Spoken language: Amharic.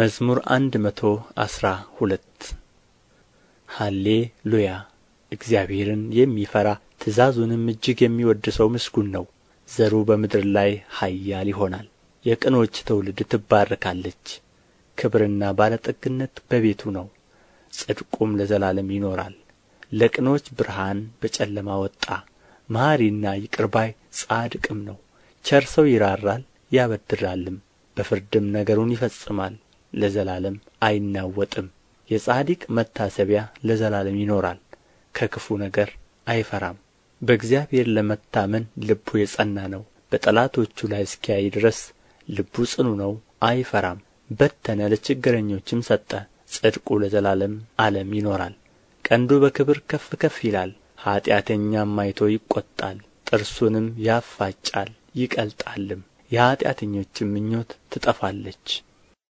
መዝሙር አንድ መቶ አስራ ሁለት ሃሌ ሉያ እግዚአብሔርን የሚፈራ ትእዛዙንም እጅግ የሚወድ ሰው ምስጉን ነው። ዘሩ በምድር ላይ ኃያል ይሆናል። የቅኖች ትውልድ ትባረካለች። ክብርና ባለጠግነት በቤቱ ነው፣ ጽድቁም ለዘላለም ይኖራል። ለቅኖች ብርሃን በጨለማ ወጣ። መሐሪና ይቅርባይ ጻድቅም ነው። ቸር ሰው ይራራል ያበድራልም፣ በፍርድም ነገሩን ይፈጽማል። ለዘላለም አይናወጥም የጻድቅ መታሰቢያ ለዘላለም ይኖራል ከክፉ ነገር አይፈራም በእግዚአብሔር ለመታመን ልቡ የጸና ነው በጠላቶቹ ላይ እስኪያይ ድረስ ልቡ ጽኑ ነው አይፈራም በተነ ለችግረኞችም ሰጠ ጽድቁ ለዘላለም ዓለም ይኖራል ቀንዱ በክብር ከፍ ከፍ ይላል ኀጢአተኛም አይቶ ይቈጣል ጥርሱንም ያፋጫል ይቀልጣልም የኀጢአተኞችም ምኞት ትጠፋለች